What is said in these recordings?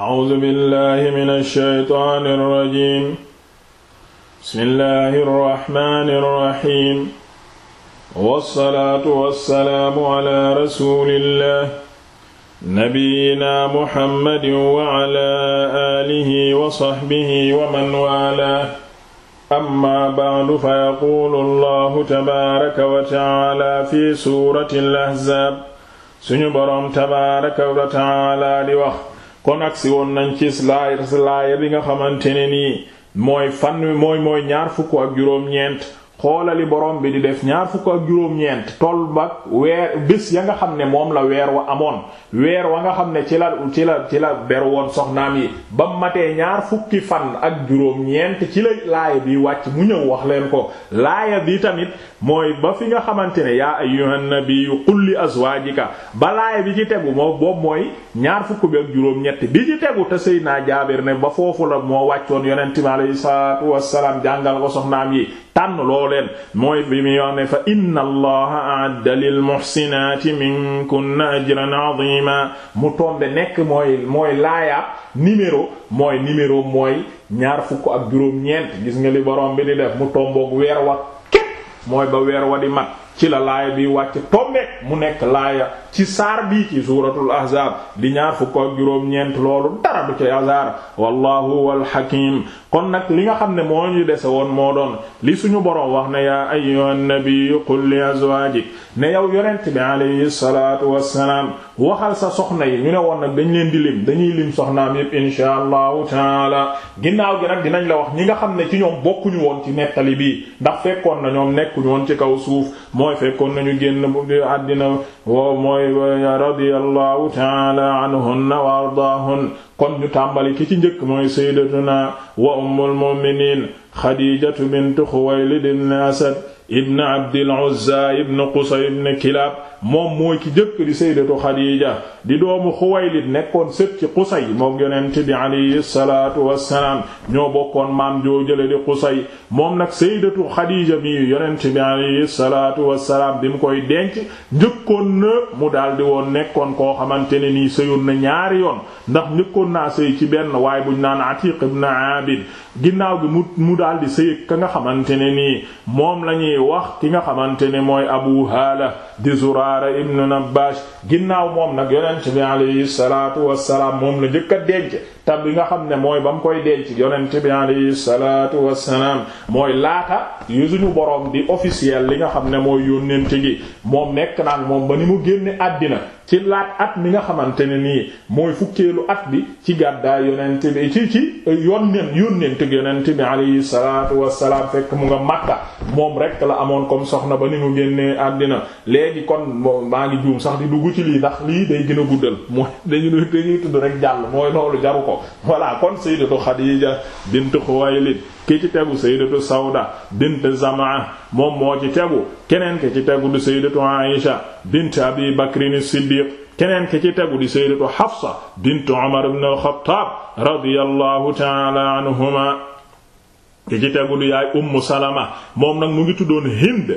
A'uuzu billaahi mina shaytaani rajiim. Bismillaahi rahmaani rahiim. Wassalaatu wassalaamu alaa rasuulillaahi nabiyyinaa Muhammadin wa alaa aalihi wa sahbihi wa man waalaahu. Ammaa ba'du fa yaquulu Allaahu tabaaraka wa ta'aalaa fi suuratil ahzaab. Suñu boroom tabaaraka wa ta'aalaa di wax. kon agsi woon nañ ci laaya laaya bi nga xamante ne nii mooy fan mooy mooy ñaar fukk ak juróom-ñeent xoolali borom bi di def ñaar fukk ak juróom-ñeent toll ba weer bés ya nga xam ne moom la weer wa amoon weer wa nga xam ne ci la ci la ci ber woon soxnaam yi ba matee ñaar fukki fan ak juróom-ñeent ci la laaya bi wàcc mu ñëw wax leen ko laaya bi tamit mooy ba fi nga xamante ne yaa ay ayyuhan bi qul li azwaajika ba laaya bi ci tegu moo boobu mooy ñaar fukk bi ak juróom-ñett bi ci tegu te sëy naa Jaabir ne ba foofu la moo wàccoon yonent mi alayhi salaatu wassalaam jàngal ko soxnaam yi tànn loo leen mooy bi mu wax ne fa inna allaha a'adda lil muhsinaati mu tombe nekk mooy mooy laayaab mooy numéro mooy ñaar fukk ak juróom-ñeent gis nga li borom bi di def mu tomboog weer wa képp mooy ba weer wa di mat ci la laaya bi wàcc tombe mu nekk laaya ci saar bi ci suuratul ahzaab di ñaar fukk ak juróom-ñeent loolu dara du ci azar wallahu wal hakim kon nag li nga xam ne moo ñu dese woon moo doon li suñu boroom wax na yaa ayyuhan nabiyyu qul li azwaajik ne yow yonent bi alayhi salaatu wassalaam waxal sa soxna yi ñu ne woon nag dañ leen di lim dañuy lim soxnaam yépp insha allahu taala ginnaaw gi nag dinañ la wax ñi nga xam ne ci ñoom bokkuñu woon ci nettali bi ndax fekkoon na ñoom nekkuñu woon ci kaw suuf mooy fekkoon nañu génn àddina way way radiyallahu taala anhunna wa ardaahun kon ñu tàmbali ki ci njëkk mooy sayyidatuna wa ummul mu'minin xadiijatu bintu xuwaylid ibn asad ibn Abdil Uzza ibn Qusay ibn Kilab moom mooy ki jëkk di sayyidatu Xadiija di doomu Xuwaylid nekkoon sët ci Qusay moom yonent bi alayhi salaatu wassalaam ñoo bokkoon maam joo jële di Qusay moom nag sayyidatu Xadiija mi yonent bi alayhi salaatu wassalaam bi mu koy denc njëkkoon na mu daldi woon nekkoon koo xamante ne nii sëyoon na ñaari yoon ndax njëkkoon naa sëy ci benn waay bu naan Atiq ibn Abid ginnaaw bi mu mu daldi sëy ka nga xamante ne nii moom lañuy wax ki nga xamante ne mooy abu haala di zuraara ibnu nabbash ginnaaw moom nag yonent bi alayhi salaatu wassalaam moom la njëkk a denc te bi nga xam ne mooy ba mu koy denc yonent bi alayhi salaatu wassalaam mooy laata yu suñu boroom di officiel li nga xam ne mooy yónnent gi moom nekk naan moom ba ni mu génne àddina ci laat at mi nga xamante ne nii mooy fukkeelu at bi ci gàddaay yonent bi ci ci yónneen yónnent yonent bi alayhi salaatu wassalaam fekk mu nga Makka moom rek la amoon comme soxna ba ni mu génnee àddina léegi kon maa ngi juum sax di dugg ci lii ndax lii day gën a guddal mooy dañu dañuy tudd rek jàll mooy loolu jaru ko voilà kon sayyidatu Xadiija bint Xuwaylid ki ci tegu sayyidatu Sawda bint Zamaa moom moo ci tegu keneen ki ci tegu du sayyidatu Aisha bint abi bakrin siddiq keneen ki ci tegu di sayyidatu hafsa bint umar ibn al-khattab radiyallahu ta'ala anhuma ki ci di yaay ummu salama moom nag mu ngi tuddoon hind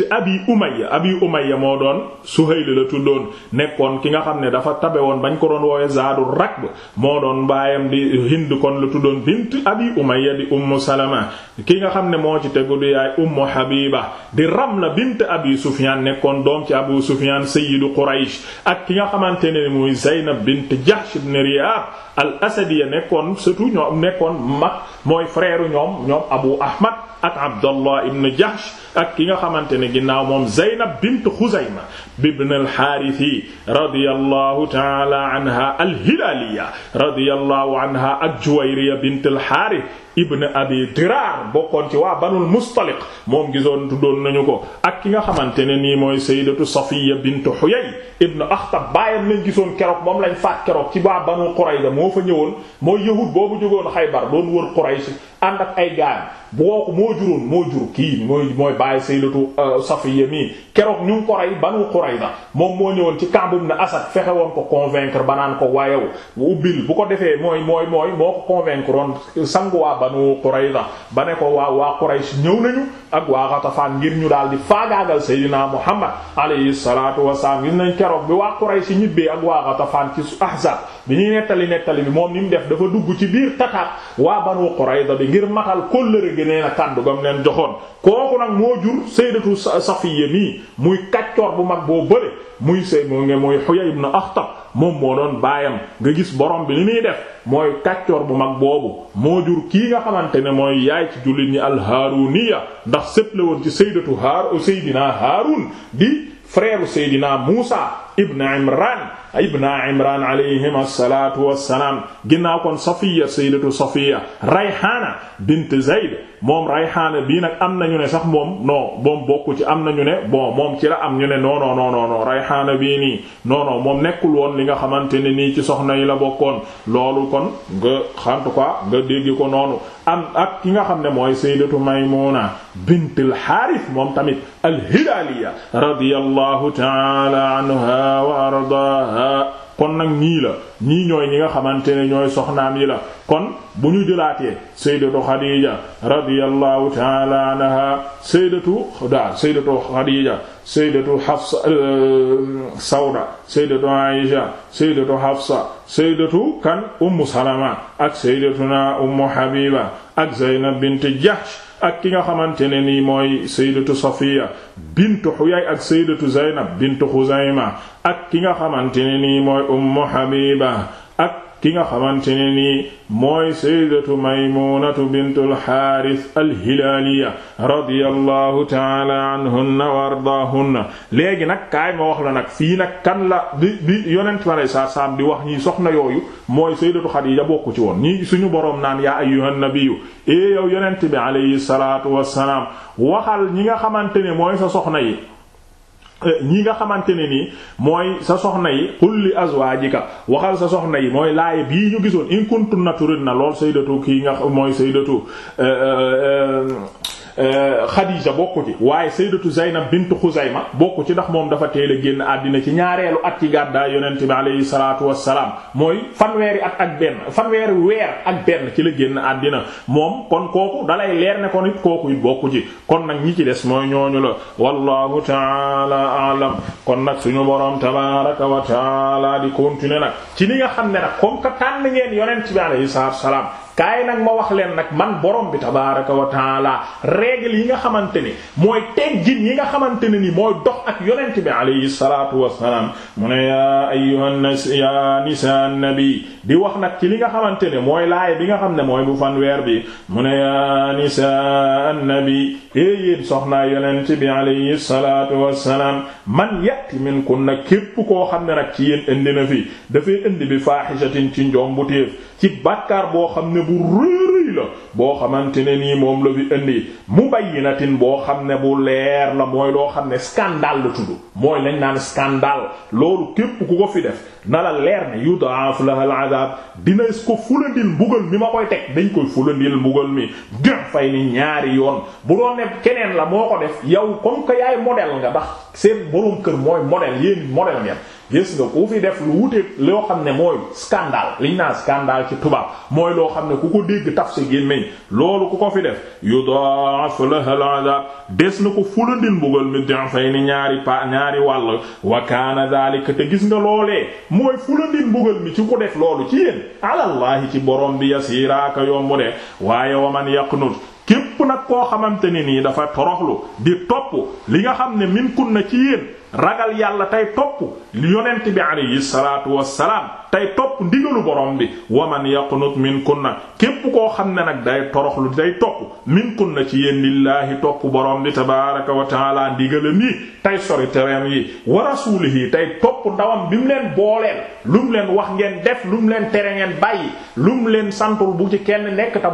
bint abi umayya abi umayya moo doon suhayl la tuddoon nekkoon ki nga xam ne dafa tabe woon bañ ko doon woowe zaadu rakb moo doon baayam di hind kon la tuddoon bint abi umayya di ummu salama ki nga xam ne moo ci tegu di yaay ummu habiba di la bint abi sufyan nekkoon doom ci abu sufyan sayyidu quraysh ak ki nga xamante ne muy zaynab bint jahsh ibn ri'ab al asadiya nekkoon surtout ñoom nekkoon mag mooy frère ñoom abu ahmad ak abdallah ibn jahsh ak ki nga xamante ginnaaw moom Zeynab bint Xuzayma ibn al-Haarisi radiyallahu ta'ala anha al-Hilaaliya radiyallahu anha ak Juwayriya bint al-Haaris ibn abi dirar bokkoon ci waa banul mustaliq moom gisoon tuddoon nañu ko ak ki nga xamante ne nii mooy sayyidatu safiya bint huyay ibn akhtab baayam lañ gisoon keroog moom lañ faat keroog ci waa banul qurayza moo fa ñëwoon mooy yahud boobu jógoon xaybar doon wër ànd ak ay gaayam booku moo juróon moo jur kii mooy mooy bàyyi sayyidatu euh, safiya mi keroog ñu ngi ko rey banul qurayza moom moo ñëwoon ci Ka'b ibn Asad fexewoon woon ko convaincre banaan ko wayew ubbil bu ko defee mooy mooy mooy moo ko convaincre woon banu Qurayza ba ne ko waa waa Quraysh ñëw nañu ak waa Ghatafaan ngir ñu daal di faagaagal Seydina Muhammad alayhi salaatu wasalaam gis nañ keroog bi waa Quraysh ñibbee ak waa Ghatafaan ci Ahzab bi ñuy nettali nettali bi moom ni mu def dafa dugg ci biir tataat waa banu Qurayza bi ngir matal kóllëre gi nee na kàddu gam leen joxoon kooku nag moo jur Sayyidatu Safiyya mi muy kaccoor bu mag boo bële muy sey mu nge muy Huyay ibn Akhtab moom moo doon baayam nga gis borom bi li muy def mooy kàccoor bu mag boobu moo jur kii nga xamante ne mooy yaay ci jullit ñi alhaaruniya ndax sëple woon ci sayyidatu haar saydina haarun di freeru Seydina Muusa ibn Imran ibna imran alayhim assalatu wassalaam ginnaaw kon safiya sayyidatu safiya rayhaana bint zayd moom rayhaana bii nag am nañu ne sax moom no moom bokku ci am nañu ne bon moom ci la am ñu ne non non non non rayhaana bii nii non moom nekkul woon li nga xamante ne nii ci soxna yi la bokkoon loolu kon nga en tout cas nga dégg ko noonu am ak ki nga xam ne mooy sayyidatu maymuna bint al harith moom tamit al hilaliya radiyallahu ta'ala anha wa ardaha kon nag ñii la ñii ñooy ñi nga xamante ne ñooy soxnaam yi la kon bu ñu jëlaatee sayyidatu Xadiija radiyallahu ta'ala anha sayyidatu da sayyidatu Xadiija sayyidatu Hafsa euh, Sawda sayyidatu Aisha sayyidatu Hafsa sayyidatu kan Ummu Salama ak sayyidatuna Ummu Habiba ak Zaynab bint Jahsh ak ki nga xamante ne nii mooy sayyidatu Safiya bintu Huyay ak sayyidatu Zaynab bintu Xuzayma ak ki nga xamante ne nii mooy Ummu Habiba ak ki nga xamante ne nii mooy sayyidatu maymunatu bintul xaaris alhilaaliya radiyallahu taala anhunna wa ardaahunna léegi nag kaay ma wax la nag fii nag kan la bi bi yonent ma lay saa saam di wax ñii soxna yooyu mooy sayyidatu xadiija bokku ci woon ñii suñu borom naan yaa ayyuhan nabiyyu ee yow yonent bi alayhi salaatu wassalaam waxal ñi nga xamante ne mooy sa soxna yi Euh, ñi nga xamante ne nii mooy sa soxna yi qul li azwaajika waxal sa soxna yi mooy laay bii ñu gisoon in kuntunna turidna lool sayyidatu kii nga mooy sayyidatu euh, euh, Euh, Khadija bokku ci waaye sayyidatu Zaynab bintu Xuzayma bokku ci ndax moom dafa teel génn àddina ci ñaareelu at ci gàddaay yonent bi alayhi salaatu wassalaam mooy fanweeri at ak benn fanweeri weer ak benn ci la génn àddina moom kon kooku dalay leer ne kon it kooku it bokku ci kon nag ñi ci des mooy ñooñu la wallahu ta'ala a'lam kon nag suñu borom tabaaraka wa ta'ala di continuer nag ci li nga xam ne nag comme que tànn ngeen yonent bi alayhi salaatu kaay nag ma wax leen nag man borom bi tabaaraka wa taala règle yi nga xamante ni mooy teggin yi nga xamante ne ni mooy dox ak yonent bi alayhi salaatu wassalaam mu ne yaa ayyuhan nas yaa nisaa di wax nag ci li nga xamante ne mooy laay bi nga xam ne mooy bu weer bi mu ne yaa nisaa nabi eh yéen soxnaa yonent bi alayhi salaatu wassalaam man yatti minkunna képp koo xam ne nag ci yéen indi na fi dafay indi bi faahishatin ci njombuteef ci bàkkaar boo xam ne bu rëy la boo xamante ne nii moom la fi indi mubayyinatin boo xam ne bu leer la mooy loo xam ne scandale la tudd mooy lañ naan scandale loolu képp ku ko fi def na la leer ne yudaaf la al azab dina ko fulandil mbugal mi ma koy teg dañ koy fulandil mbugal mi dem fay ni ñaari yoon bu doon ne keneen la moo ko def yow comme que yaay modèle nga ndax seen borom kër mooy modèle yéen modèle ngeen gis nga ku fi def lu wute loo xam ne mooy scandale liñ naa scandale ci tubaab mooy loo xam ne ku ko dégg taf sa gémmiñ loolu ku ko fi def yu yudaaf laha al'adab des na ko fulandil mbugal mi dafay ni ñaari pa ñaari wàll wa kaana daalika te gis nga loolee mooy fulandil mbugal mi ci ku def loolu ci yéen alallahi ci borom bi yasiiraaka yombu de waaye waman yaqnut képp nag koo xamante ne nii dafa toroxlu di topp li nga xam ne min na ci yéen ragal yàlla tey topp yonent bi alayhi salaatu wassalaam tey topp ndigalu borom bi waman yaqnut min kun na képp koo xam ne nag day toroxlu day topp min kun na ci yéen lillaahi topp borom bi tabaaraka wa taala ndigalam yi tey sori tereem yi wa rasuulihi tey topp ndawam bi mu leen booleel lu mu leen wax ngeen def lu mu leen tere ngeen bàyyi lu mu leen santul bu ci kenn nekk ta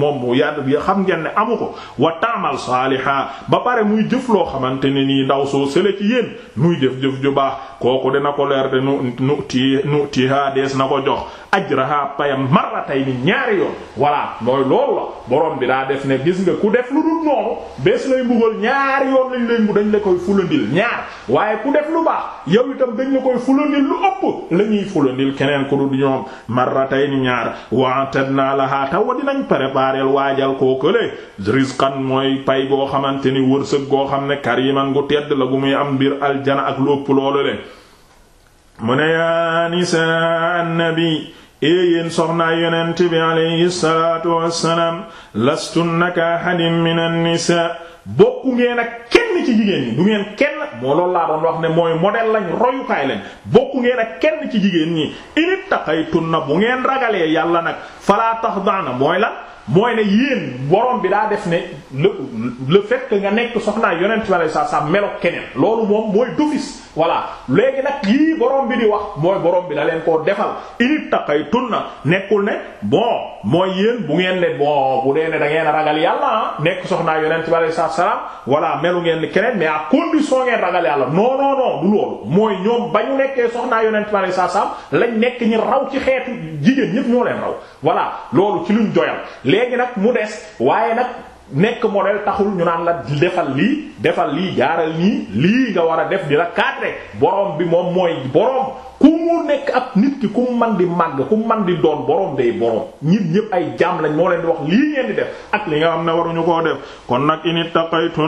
moom yàdd xam ngeen ne amu ko wa taamal saaliha ba pare muy jëf loo xamante ne nii ndaw soo sële ci yéen muy jëf jëf ju baax kooku dina ko leer de nu nu ti nu tihaa dees na ko jox ajraha payam marratayni ñaari yoon voilà mooy loolu la borom bi daa def ne gis nga ku def lu dul noonu bés lay mbugal ñaari yoon lañ lay mu dañ la koy fulandil ñaar waaye ku def lu baax yow itam dañ la koy fulandil lu ëpp la ñuy fulandil keneen ku dul ñoom marratayni ñaar wa'tadna laha taw dinañ préparer waajal koo kële rizqan mooy pay goo xamante ni wërsëg goo xam ne kariman gu tedd la gu muy am mbir aljana ak lu ëpp loolu le ee eh, yéen soxnaa yonent bi alayhi salaatu wassalaam lastunna ka ahadin min an-nisaa bokku ngeen ak kenn ci jigéen ñi du ngeen kenn nag moo loolu laa doon wax ne mooy modèle lañ royukaay lañ bokku ngeen ak kenn ci jigéen ñi init na bu ngeen ragalee yàlla nag falaa taxdaana mooy la mooy ne yéen borom bi daa def ne le le fait nga nekk soxnaa yonent bi alayhi salaam melo keneen loolu moom mooy d'office voilà léegi nag yii borom bi di wax mooy borom bi da leen koo defal init taqaytunna nekkul ne bon mooy yéen bu ngeen ne bon bu dee ne da ngeen ragal ah, salaam voilà melu ngeen keneen mais à ngeen ngeen ragal yàlla non non non du loolu mooy ñoom ba ñu nekkee soxnaa yonent ma ne saa saam lañ nekk ñi raw ci xeetu jigéen ñëpp ñoo leen raw voilà loolu ci luñ doyal léegi nag mu des waaye nag nekk modèle taxul ñu naan la defal lii defal lii jaaral nii lii nga war a def di la cadre borom bi moom mooy borom ku mu nekk ak nit ki ku man di màgg ku man di doon borom day borom nit ñëpp ay jaam lañ moo leen di wax lii ngeen di def ak li nga xam ne waruñu ko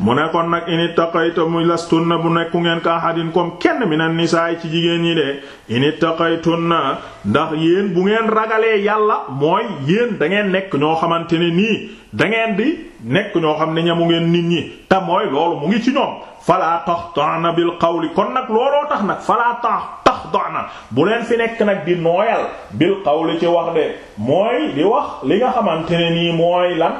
mu ne kon nag ini taqayta muy na bu nekku ngeen ka ahadin comme kenn mi na nisaay ci jigéen ñi de ini na ndax yéen bu ngeen ragalee yàlla mooy yéen dangeen ngeen nekk ñoo xamante ne nii da ngeen di nekk ñoo xam ne ñamu ngeen nit ñi te mooy loolu mu ngi ci ñoom falaa taxda'na bil qawli kon nag looloo tax nag falaa tax na bu leen fi nekk nag di nooyal bil qawli ci wax de mooy di wax li nga xamante ne nii mooy lan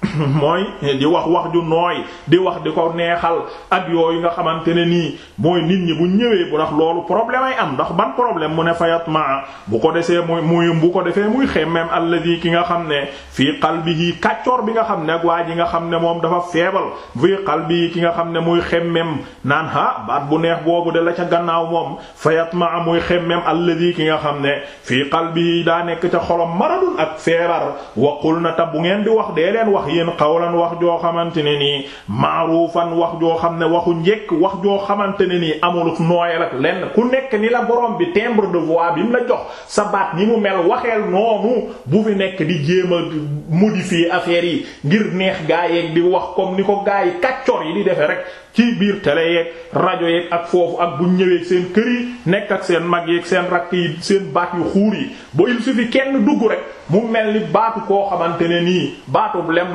mooy di wax wax ju nooy di wax di ko neexal ak yooyu nga xamante ne nii mooy nit ñi bu ñëwee bu ndax loolu problème ay am ndax ban problème mu ne fayat ma bu ko desee muy muy bu ko defee muy xemmeem alladi ki nga xam ne fii qalbihi kàccoor bi nga xam ne waa ji nga xam ne moom dafa feebal fii qalbihi ki nga xam ne muy xemmeem naan ha baat bu neex boobu de la ca gannaaw moom fayat ma muy xemmeem alladi ki nga xam ne fii qalbihi daa nekk ca xolom maradun ak feebar waqul na ta bu ngeen di wax dee leen wax yéen xawlan wax joo xamante ne nii maarufan wax joo xam ne waxu njëkk wax joo xamante ne nii amul nooyal ak lenn ku nekk ni la borom bi timbre de voix bi mu la jox sa baat ni mu mel waxeel noonu bu fi nekk di jéem a modifier affaire yi ngir neex gaa yeeg di wax comme ni ko gaa yi kàccor yi di defee rek ci biir télé yeeg rajo yeeg ak foofu ak bu ñëwee seen kër yi nekk ak seen mag yeeg seen rakk yi seen baat yu xuur yi ba il suffit kenn dugg rek